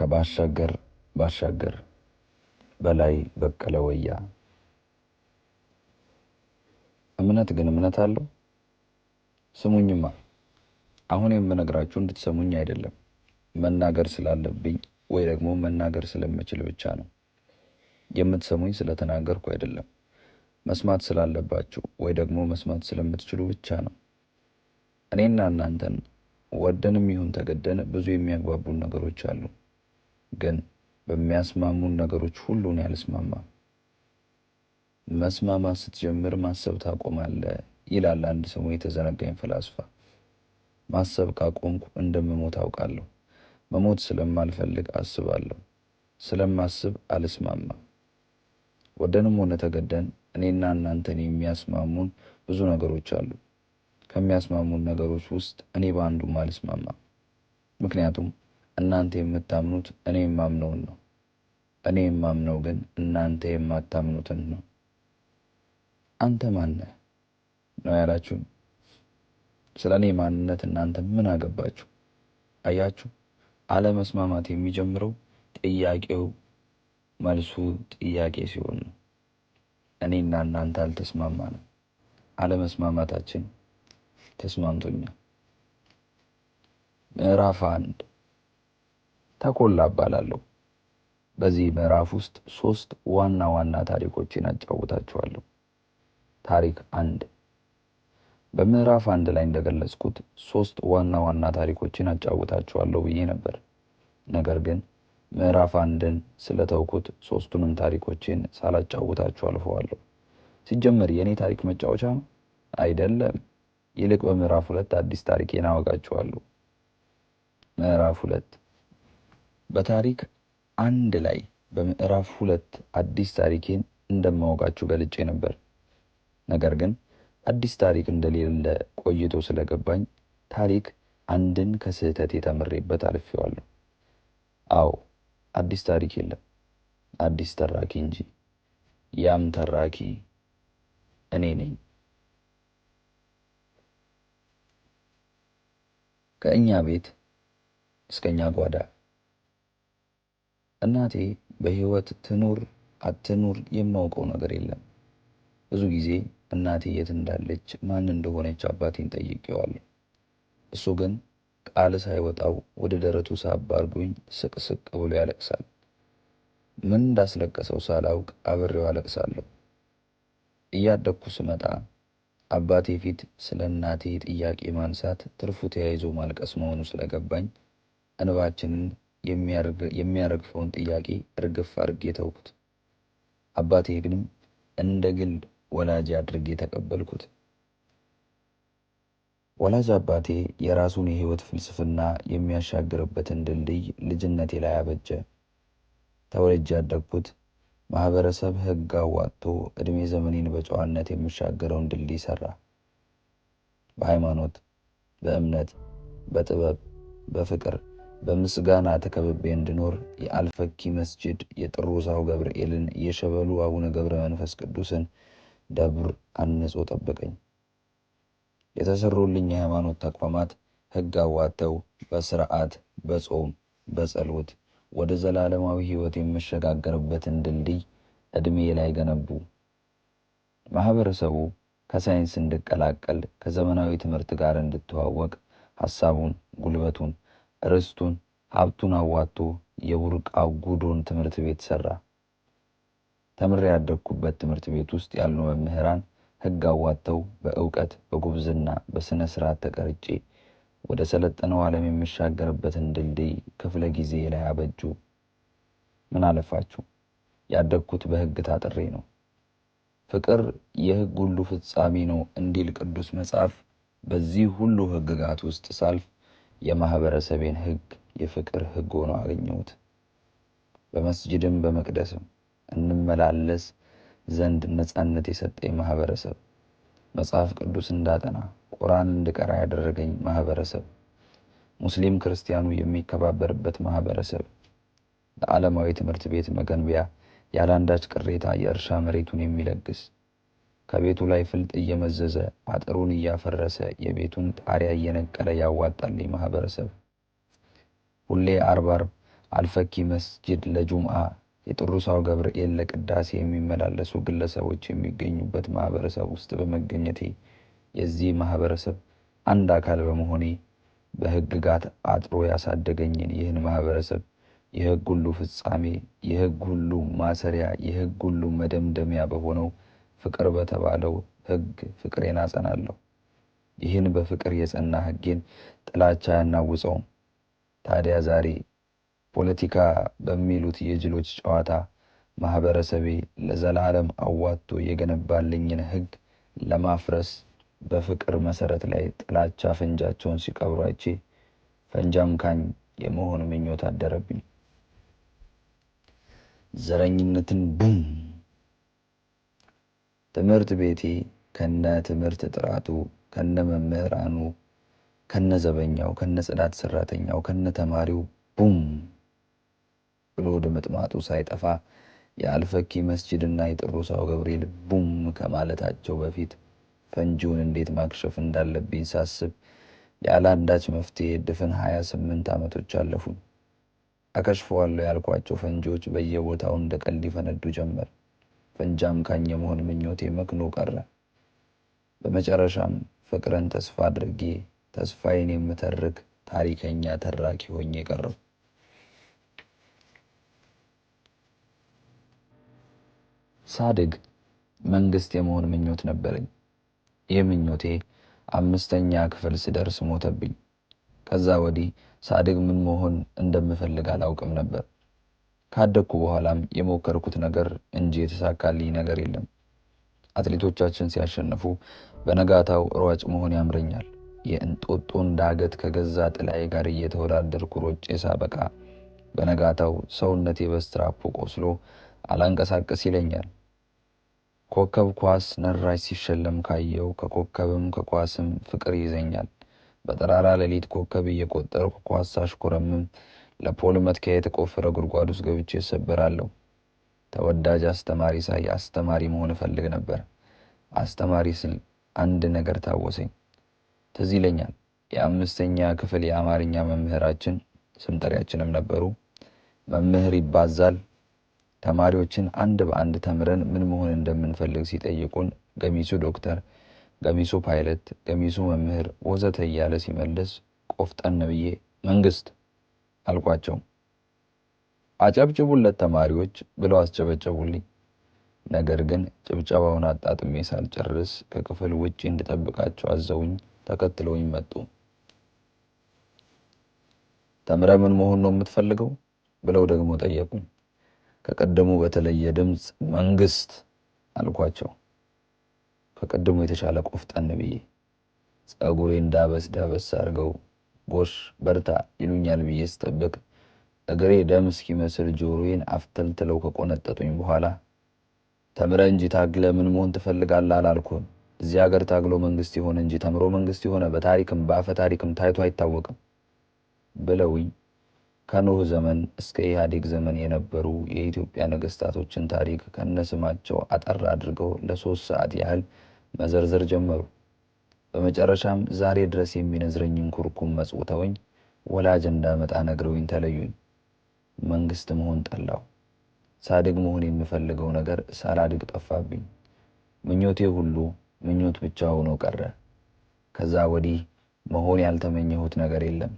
ከባሻገር ባሻገር በላይ በቀለ ወያ እምነት ግን እምነት አለው። ስሙኝማ አሁን የምነግራችሁ እንድትሰሙኝ አይደለም፣ መናገር ስላለብኝ ወይ ደግሞ መናገር ስለምችል ብቻ ነው። የምትሰሙኝ ስለተናገርኩ አይደለም፣ መስማት ስላለባችሁ ወይ ደግሞ መስማት ስለምትችሉ ብቻ ነው። እኔና እናንተን ወደንም ይሁን ተገደን ብዙ የሚያግባቡን ነገሮች አሉ። ግን በሚያስማሙን ነገሮች ሁሉ እኔ አልስማማም። መስማማት ስትጀምር ማሰብ ታቆማለህ ይላል አንድ ስሙ የተዘነጋኝ ፈላስፋ። ማሰብ ካቆምኩ እንደምሞት አውቃለሁ። መሞት ስለማልፈልግ አስባለሁ። ስለማስብ አልስማማም። ወደንም ሆነ ተገደን እኔና እናንተን የሚያስማሙን ብዙ ነገሮች አሉ። ከሚያስማሙን ነገሮች ውስጥ እኔ በአንዱም አልስማማም። ምክንያቱም እናንተ የምታምኑት እኔ የማምነውን ነው፣ እኔ የማምነው ግን እናንተ የማታምኑትን ነው። አንተ ማነህ ነው ያላችሁ ስለ እኔ ማንነት እናንተ ምን አገባችሁ? አያችሁ፣ አለመስማማት የሚጀምረው ጥያቄው መልሱ ጥያቄ ሲሆን ነው። እኔና እናንተ አልተስማማንም። አለመስማማታችን ተስማምቶኛል። ምዕራፍ አንድ ተኮላ እባላለሁ። በዚህ ምዕራፍ ውስጥ ሶስት ዋና ዋና ታሪኮችን አጫውታችኋለሁ። ታሪክ አንድ በምዕራፍ አንድ ላይ እንደገለጽኩት ሶስት ዋና ዋና ታሪኮችን አጫውታችኋለሁ ብዬ ነበር። ነገር ግን ምዕራፍ አንድን ስለተውኩት ሶስቱንም ታሪኮችን ሳላጫውታችሁ አልፈዋለሁ። ሲጀመር የእኔ ታሪክ መጫወቻ አይደለም። ይልቅ በምዕራፍ ሁለት አዲስ ታሪኬን አወጋችኋለሁ። ምዕራፍ ሁለት በታሪክ አንድ ላይ በምዕራፍ ሁለት አዲስ ታሪኬን እንደማወቃችሁ ገልጬ ነበር። ነገር ግን አዲስ ታሪክ እንደሌለ ቆይቶ ስለገባኝ ታሪክ አንድን ከስህተት የተምሬበት አልፌዋለሁ። አዎ አዲስ ታሪክ የለም፣ አዲስ ተራኪ እንጂ። ያም ተራኪ እኔ ነኝ። ከእኛ ቤት እስከኛ ጓዳ እናቴ በህይወት ትኑር አትኑር የማውቀው ነገር የለም። ብዙ ጊዜ እናቴ የት እንዳለች ማን እንደሆነች አባቴን ጠይቄዋለሁ። እሱ ግን ቃል ሳይወጣው ወደ ደረቱ ሳብ ስቅስቅ ብሎ ያለቅሳል። ምን እንዳስለቀሰው ሳላውቅ አብሬው አለቅሳለሁ። እያደግኩ ስመጣ አባቴ ፊት ስለ እናቴ ጥያቄ ማንሳት ትርፉ ተያይዞ ማልቀስ መሆኑ ስለገባኝ እንባችንን የሚያረግፈውን ጥያቄ እርግፍ አድርጌ ተውኩት። አባቴ ግን እንደ ግል ወላጅ አድርጌ ተቀበልኩት። ወላጅ አባቴ የራሱን የህይወት ፍልስፍና የሚያሻግርበትን ድልድይ ልጅነቴ ላይ አበጀ። ተወልጄ ያደግኩት ማህበረሰብ ህግ አዋጥቶ እድሜ ዘመኔን በጨዋነት የምሻገረውን ድልድይ ሰራ። በሃይማኖት፣ በእምነት፣ በጥበብ፣ በፍቅር በምስጋና ተከብቤ እንድኖር የአልፈኪ መስጅድ የጥሩሳው ገብርኤልን የሸበሉ አቡነ ገብረ መንፈስ ቅዱስን ደብር አንጾ ጠበቀኝ። የተሰሩልኝ የሃይማኖት ተቋማት ሕግ አዋተው በስርዓት በጾም በጸሎት ወደ ዘላለማዊ ሕይወት የምሸጋገርበትን ድልድይ ዕድሜ ላይ ገነቡ። ማህበረሰቡ ከሳይንስ እንድቀላቀል ከዘመናዊ ትምህርት ጋር እንድተዋወቅ ሐሳቡን ጉልበቱን ርስቱን ሀብቱን አዋጥቶ የቡርቃ ጉዶን ትምህርት ቤት ሰራ ተምሬ ያደግኩበት ትምህርት ቤት ውስጥ ያሉ መምህራን ሕግ አዋጥተው በእውቀት በጉብዝና በሥነ ሥርዓት ተቀርጬ ወደ ሰለጠነው ዓለም የሚሻገርበትን ድልድይ ክፍለ ጊዜ ላይ አበጁ። ምን አለፋችሁ ያደግኩት በሕግ ታጥሬ ነው። ፍቅር የሕግ ሁሉ ፍጻሜ ነው እንዲል ቅዱስ መጽሐፍ፣ በዚህ ሁሉ ሕግጋት ውስጥ ሳልፍ የማህበረሰቤን ህግ የፍቅር ህግ ሆኖ አገኘሁት። በመስጅድም በመቅደስም እንመላለስ ዘንድ ነፃነት የሰጠኝ ማህበረሰብ መጽሐፍ ቅዱስ እንዳጠና ቁርአን እንድቀራ ያደረገኝ ማህበረሰብ ሙስሊም ክርስቲያኑ የሚከባበርበት ማህበረሰብ ለዓለማዊ ትምህርት ቤት መገንቢያ ያለአንዳች ቅሬታ የእርሻ መሬቱን የሚለግስ ከቤቱ ላይ ፍልጥ እየመዘዘ አጥሩን እያፈረሰ የቤቱን ጣሪያ እየነቀለ ያዋጣልኝ ማህበረሰብ። ሁሌ አርብ አርብ አልፈኪ መስጅድ ለጁምዓ የጥሩሳው ገብርኤል ለቅዳሴ የሚመላለሱ ግለሰቦች የሚገኙበት ማህበረሰብ ውስጥ በመገኘቴ የዚህ ማህበረሰብ አንድ አካል በመሆኔ በህግጋት አጥሮ ያሳደገኝን ይህን ማህበረሰብ የህግ ሁሉ ፍጻሜ፣ የህግ ሁሉ ማሰሪያ፣ የህግ ሁሉ መደምደሚያ በሆነው ፍቅር በተባለው ሕግ ፍቅሬን አጸናለሁ። ይህን በፍቅር የጸና ሕጌን ጥላቻ አያናውፀውም። ታዲያ ዛሬ ፖለቲካ በሚሉት የጅሎች ጨዋታ ማህበረሰቤ ለዘላለም አዋጥቶ የገነባልኝን ሕግ ለማፍረስ በፍቅር መሰረት ላይ ጥላቻ ፈንጃቸውን ሲቀብሩ አይቼ ፈንጃም ካኝ የመሆን ምኞት አደረብኝ። ዘረኝነትን ቡም ትምህርት ቤቴ ከነ ትምህርት ጥራቱ፣ ከነ መምህራኑ፣ ከነ ዘበኛው፣ ከነ ጽዳት ሰራተኛው፣ ከነ ተማሪው ቡም ብሎ ድምጥማጡ ሳይጠፋ የአልፈኪ የጥሩ የጥሩሳው ገብርኤል ቡም ከማለታቸው በፊት ፈንጂውን እንዴት ማክሸፍ እንዳለብኝ ሳስብ ያለ አንዳች ድፍን ሀያ ስምንት ዓመቶች አለፉኝ። አከሽፈዋለሁ ያልኳቸው ፈንጂዎች በየቦታው እንደ ቀልድ ይፈነዱ ጀመር። ፈንጃም አምካኝ የመሆን ምኞቴ መክኖ ቀረ። በመጨረሻም ፍቅርን ተስፋ አድርጌ ተስፋዬን የምተርክ ታሪከኛ ተራኪ ሆኜ ቀረሁ። ሳድግ መንግስት የመሆን ምኞት ነበረኝ። ይህ ምኞቴ አምስተኛ ክፍል ስደርስ ሞተብኝ። ከዛ ወዲህ ሳድግ ምን መሆን እንደምፈልግ አላውቅም ነበር። ካደግኩ በኋላም የሞከርኩት ነገር እንጂ የተሳካልኝ ነገር የለም። አትሌቶቻችን ሲያሸንፉ በነጋታው ሯጭ መሆን ያምረኛል። የእንጦጦን ዳገት ከገዛ ጥላዬ ጋር እየተወዳደርኩ ሮጬ ሳበቃ በነጋታው ሰውነቴ በስትራፖ ቆስሎ አላንቀሳቀስ ይለኛል። ኮከብ ኳስ ነራሽ ሲሸለም ካየው ከኮከብም ከኳስም ፍቅር ይዘኛል። በጠራራ ሌሊት ኮከብ እየቆጠርኩ ኳስ አሽኮረምም። ለፖል መትከያ የተቆፈረ ጉድጓድ ውስጥ ገብቼ እሰበራለሁ። ተወዳጅ አስተማሪ ሳይ አስተማሪ መሆን እፈልግ ነበር። አስተማሪ ስል አንድ ነገር ታወሰኝ። ትዝ ይለኛል የአምስተኛ ክፍል የአማርኛ መምህራችን ስምጠሪያችንም ነበሩ። መምህር ይባዛል ተማሪዎችን አንድ በአንድ ተምረን ምን መሆን እንደምንፈልግ ሲጠይቁን ገሚሱ ዶክተር፣ ገሚሱ ፓይለት፣ ገሚሱ መምህር ወዘተ እያለ ሲመልስ ቆፍጠን ብዬ መንግስት አልኳቸው። አጨብጭቡለት ተማሪዎች ብለው አስጨበጨቡልኝ። ነገር ግን ጭብጨባውን አጣጥሜ ሳልጨርስ ከክፍል ውጭ እንድጠብቃቸው አዘውኝ ተከትለውኝ መጡ። ተምረ ምን መሆን ነው የምትፈልገው ብለው ደግሞ ጠየቁኝ። ከቀደሙ በተለየ ድምፅ መንግስት አልኳቸው። ከቀደሙ የተሻለ ቆፍጠን ብዬ ጸጉሬ እንዳበስ ዳበስ አድርገው ጎሽ በርታ ይሉኛል ብዬ ስጠብቅ እግሬ ደም እስኪመስል ጆሮዬን አፍተልትለው ከቆነጠጡኝ በኋላ ተምረ እንጂ ታግለ ምን መሆን ትፈልጋለህ አላልኩም። እዚህ ሀገር ታግሎ መንግስት የሆነ እንጂ ተምሮ መንግስት የሆነ በታሪክም በአፈ ታሪክም ታይቶ አይታወቅም ብለውኝ ከኖህ ዘመን እስከ ኢህአዴግ ዘመን የነበሩ የኢትዮጵያ ነገስታቶችን ታሪክ ከነስማቸው አጠር አድርገው ለሶስት ሰዓት ያህል መዘርዘር ጀመሩ። በመጨረሻም ዛሬ ድረስ የሚነዝረኝን ኩርኩም መጽውተውኝ ወላጅ እንዳመጣ ነግረውኝ ተለዩኝ። መንግስት መሆን ጠላው። ሳድግ መሆን የምፈልገው ነገር ሳላድግ ጠፋብኝ። ምኞቴ ሁሉ ምኞት ብቻ ሆኖ ቀረ። ከዛ ወዲህ መሆን ያልተመኘሁት ነገር የለም፣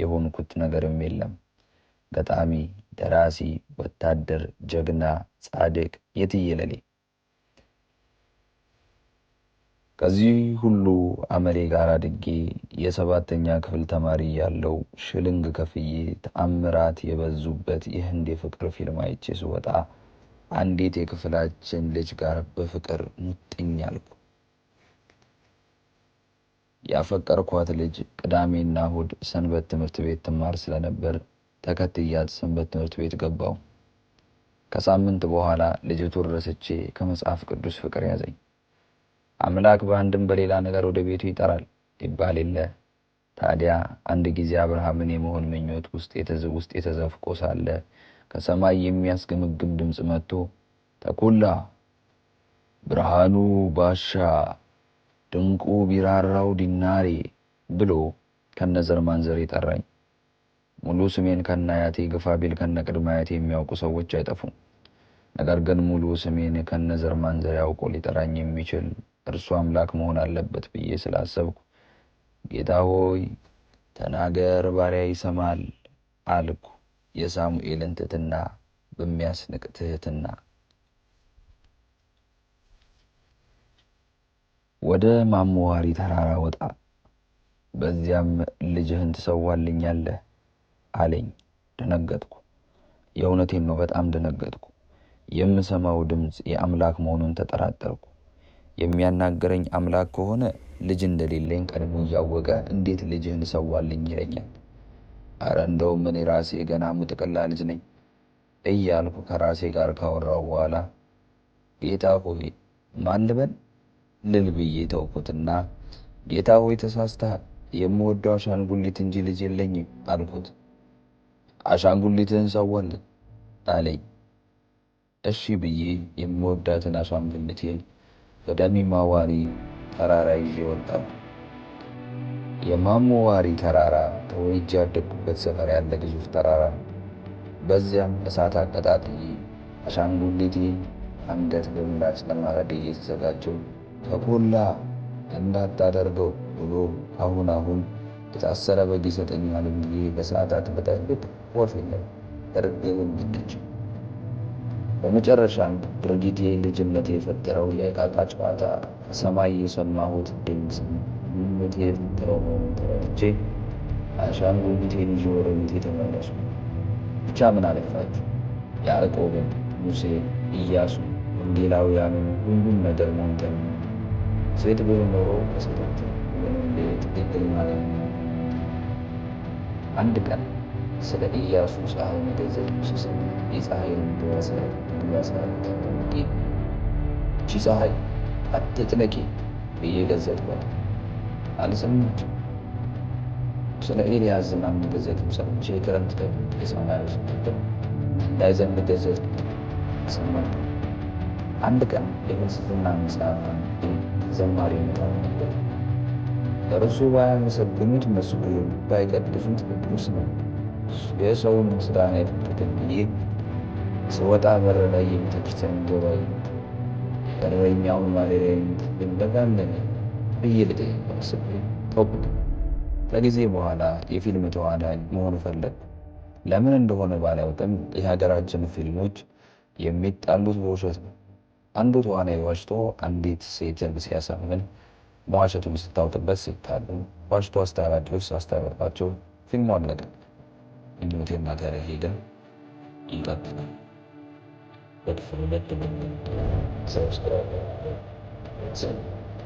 የሆንኩት ነገርም የለም። ገጣሚ፣ ደራሲ፣ ወታደር፣ ጀግና፣ ጻድቅ፣ የትየለሌ ከዚህ ሁሉ አመሌ ጋር አድጌ የሰባተኛ ክፍል ተማሪ ያለው ሽልንግ ከፍዬ ተአምራት የበዙበት የህንድ የፍቅር ፊልም አይቼ ስወጣ አንዲት የክፍላችን ልጅ ጋር በፍቅር ሙጥኝ አልኩ። ያፈቀርኳት ልጅ ቅዳሜና እሁድ ሰንበት ትምህርት ቤት ትማር ስለነበር ተከትያት ሰንበት ትምህርት ቤት ገባው። ከሳምንት በኋላ ልጅቱን ረስቼ ከመጽሐፍ ቅዱስ ፍቅር ያዘኝ። አምላክ በአንድም በሌላ ነገር ወደ ቤቱ ይጠራል ይባል የለ። ታዲያ አንድ ጊዜ አብርሃምን የመሆን ምኞት ውስጥ የተዘፍቆ ሳለ ከሰማይ የሚያስገመግም ድምፅ መጥቶ ተኩላ ብርሃኑ ባሻ ድንቁ ቢራራው ዲናሬ ብሎ ከነዘር ማንዘር ይጠራኝ። ሙሉ ስሜን አያቴ ግፋ ቢል ከነቅድመ አያቴ የሚያውቁ ሰዎች አይጠፉም። ነገር ግን ሙሉ ስሜን ከነዘር ማንዘር ያውቆ ሊጠራኝ የሚችል እርሱ አምላክ መሆን አለበት ብዬ ስላሰብኩ ጌታ ሆይ ተናገር፣ ባሪያ ይሰማል አልኩ የሳሙኤልን ትሕትና በሚያስንቅ ትህትና ወደ ማሞዋሪ ተራራ ወጣ፣ በዚያም ልጅህን ትሰዋልኛለህ አለኝ። ደነገጥኩ። የእውነቴን ነው፣ በጣም ደነገጥኩ። የምሰማው ድምፅ የአምላክ መሆኑን ተጠራጠርኩ። የሚያናገረኝ አምላክ ከሆነ ልጅ እንደሌለኝ ቀድሞ እያወቀ እንዴት ልጅህን ሰዋልኝ ይለኛል። አረ እንደውም እኔ ራሴ ገና ሙጥቅላ ልጅ ነኝ እያልኩ ከራሴ ጋር ካወራው በኋላ ጌታ ሆይ ማን ልበል ልል ብዬ ተውኩትና ጌታ ሆይ ተሳስተሃል፣ የምወደው አሻንጉሊት እንጂ ልጅ የለኝም አልኩት። አሻንጉሊትህን ሰዋልን አለኝ። እሺ ብዬ የምወዳትን አሻንጉሊቴን ወደሚማዋሪ ተራራ ይዤ ወጣሁ። ዋሪ ተራራ ተወልጄ ያደግኩበት ሰፈር ያለ ግዙፍ ተራራ ነው። በዚያም እሳት አቀጣጥዬ አሻንጉሊቴ አንገት በምላጭ ለማረድ እየተዘጋጀው ተኮላ እንዳታደርገው ብሎ አሁን አሁን የታሰረ በግ ይሰጠኛል ብዬ በሰዓታት በጠብቅ ወፍ የለም እርግብ በመጨረሻም ድርጊቴ ልጅነት የፈጠረው የእቃቃ ጨዋታ ሰማይ የሰማሁት ድምፅ ምኞት የፈጠረው መሆኑን ተረድቼ አሻንጉሊቴን ይዤ ወደ ቤቴ ተመለስኩ። ብቻ ምን አለፋችሁ ያዕቆብን፣ ሙሴን፣ ኢያሱ ወንጌላውያንን ሁሉም ነገር ሞንተን ሴት ብሎ ኖሮ ከሴቶች ትክክል ማለት አንድ ቀን ስለ ኢያሱ ፀሐይ መገዘት ስሰማ የፀሐይን ብራሳል ብራሳል ይቺ ፀሐይ አትጥለቂ እየገዘትኳል አልሰምች ስለ ኤልያዝና ምገዘት ሰምቼ ክረምት ላይ የሰማያዊ እንዳይዘንብ ገዘት ሰማ። አንድ ቀን የፍልስፍና መጽሐፍ ዘማሪ ይመጣል ነበር። እርሱ ባያመሰግኑት መስጉ ባይቀድሱት ቅዱስ ነው። የሰውን ምስጋና የፍትትን ስወጣ በር ላይ የቤተክርስቲያን ዶባይ በረኛውን ማደሪያ የምትገኝ ብዬ ልጠይቀው አስቤ ከጊዜ በኋላ የፊልም ተዋናይ መሆን ፈለግ ለምን እንደሆነ ባላውቅም የሀገራችን ፊልሞች የሚጣሉት በውሸት ነው። አንዱ ተዋናይ ዋሽቶ አንዲት ሴትን ሲያሳምን መዋሸቱን ስታውቅበት ሲታሉ ዋሽቶ አስተናጋጆች ሳስታረቃቸው ፊልሙ አለቀ። እንዲሁቴና ተረሄደ ይቀጥላል። but formidable. Subscribe. Subscribe.